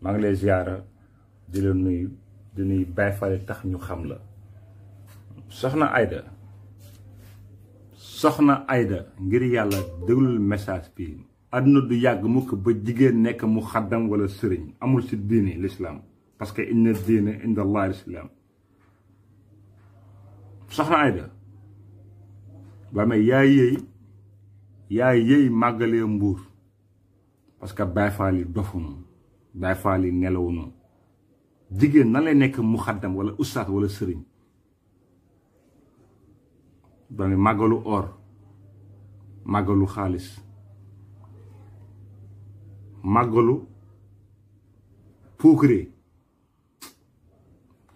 maa ngi lay ziara di la nuyu di nuyu Baay Faal tax ñu xam la soxna Aida soxna ayda ngir yàlla déglul message bi àdduna du yàgg mukk ba jigéen nekk mu xaddam wala sëriñ amul ci diini l'islam parce que inna diine inda allah soxna Aida ba may yaa yëy yaa yëy màggalee mbuur parce que Baay Faal yi Baay Faal yi nelawu noonu jigéen nan lay nekk muxaddam wala ustaat wala sëriñ doone màggalu or màggalu xaalis màggalu puukare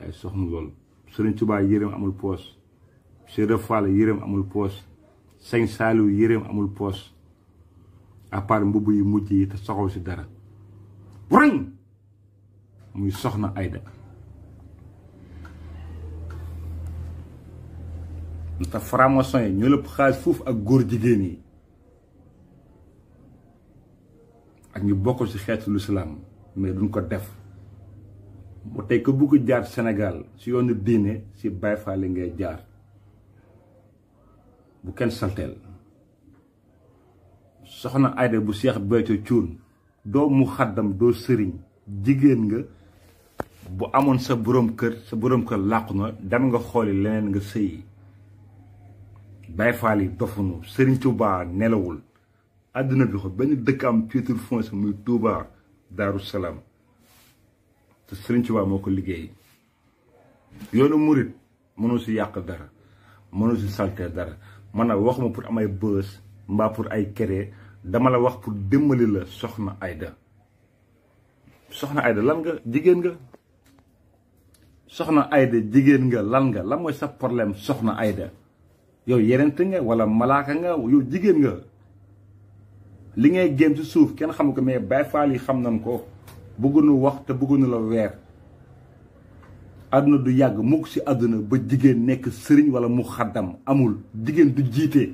ay soxna loolu sëriñ Tuubaa yërëm amul poos Sëriñ Faal yërëm amul poos Sëñ Saaliw yërëm à part mbubb yu mujj yi te soxaw si dara rëñ muy soxna Aida te franc-maçon yi ñoo lëpp xaalis foofu ak góor jigéen yi ak ñu bokk ci xeetu lislaam mais duñ ko def bu tey ko bugg jaar Sénégal si yoonu diine si Baay Faal li ngay jaar bu kenn salteel soxna Aida bu Seex Béthio cuun doo mu doo sëriñ jigéen nga bu amoon sa boroom kër sa boroom kër làqu na dem nga xooli leneen nga sëy Baay Faal yi dofunu Sëriñ Tuubaa nelawul àdduna bi ba benn dëkk am titre foncier muy Tuubaa Daaru Salaam Sëriñ Tuubaa moo ko liggéey yoonu murit mënoo si yàq dara mënoo si salte dara man a waxuma pour amay bës mbaa pour ay kere dama la wax pour dimbali la soxna ayda soxna ayda lan nga jigéen nga soxna Aida jigéen nga lan nga lan mooy sa problème soxna ayda yow yenent nga wala malaaka nga yow jigéen nga li ngay génn ci suuf kenn xamu ko mais Baay Faal yi xam nañ ko bëgguñu wax te bëgguñu la weer àdduna du yàgg mukk ci àdduna ba jigéen nekk sëriñ wala mu xaddam amul jigéen du jiite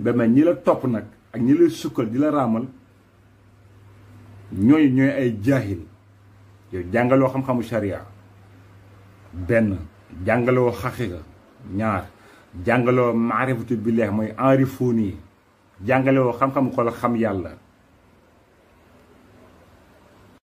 ba mel ñi la topp nag ak ñi lay sukkal di la raamal ñooy ñooy ay jaahil yow jàngaloo xam-xamu sharia benn jàngaloo xaqiqa ñaar jàngaloo maarifatu billaah mooy enrifoon yi jàngalewoo xam-xam ko la xam yàlla